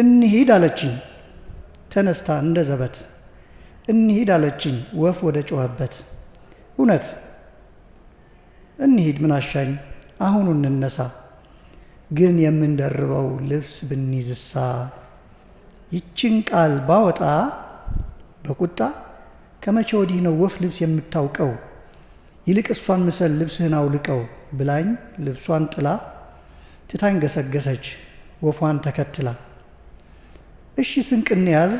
እንሂድ አለችኝ። ተነስታ እንደ ዘበት እንሂድ አለችኝ። ወፍ ወደ ጮኸበት እውነት እንሂድ ምናሻኝ አሁኑ እንነሳ ግን የምንደርበው ልብስ ብንይዝሳ ይችን ቃል ባወጣ በቁጣ ከመቼ ወዲህ ነው ወፍ ልብስ የምታውቀው? ይልቅ እሷን ምሰል ልብስህን አውልቀው ብላኝ ልብሷን ጥላ ትታኝ ገሰገሰች ወፏን ተከትላ እሺ ስንቅ እንያዝ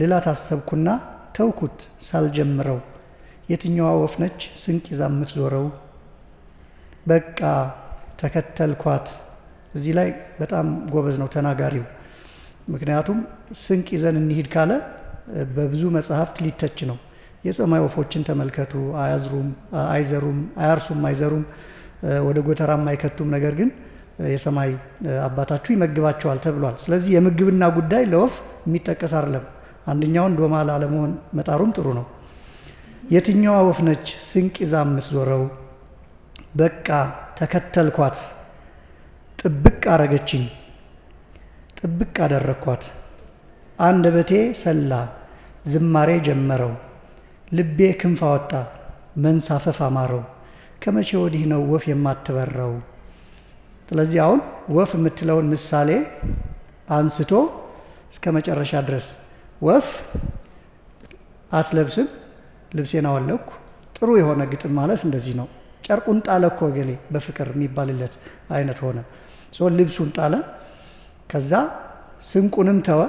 ሌላ ታሰብኩና ተውኩት ሳልጀምረው የትኛዋ ወፍ ነች ስንቅ ይዛ የምትዞረው? በቃ ተከተልኳት። እዚህ ላይ በጣም ጎበዝ ነው ተናጋሪው። ምክንያቱም ስንቅ ይዘን እንሂድ ካለ በብዙ መጽሐፍት ሊተች ነው። የሰማይ ወፎችን ተመልከቱ፣ አያዝሩም፣ አይዘሩም፣ አያርሱም፣ አይዘሩም፣ ወደ ጎተራም አይከቱም። ነገር ግን የሰማይ አባታችሁ ይመግባቸዋል ተብሏል። ስለዚህ የምግብና ጉዳይ ለወፍ የሚጠቀስ አይደለም። አንደኛውን ዶማ ላለመሆን መጣሩም ጥሩ ነው። የትኛዋ ወፍ ነች ስንቅ ይዛ የምትዞረው? በቃ ተከተልኳት፣ ጥብቅ አረገችኝ፣ ጥብቅ አደረግኳት። አንደበቴ ሰላ፣ ዝማሬ ጀመረው፣ ልቤ ክንፍ አወጣ፣ መንሳፈፍ አማረው። ከመቼ ወዲህ ነው ወፍ የማትበረው? ስለዚህ አሁን ወፍ የምትለውን ምሳሌ አንስቶ እስከ መጨረሻ ድረስ ወፍ አትለብስም፣ ልብሴን አወለኩ። ጥሩ የሆነ ግጥም ማለት እንደዚህ ነው። ጨርቁን ጣለ እኮ ገሌ በፍቅር የሚባልለት አይነት ሆነ። ልብሱን ጣለ፣ ከዛ ስንቁንም ተወ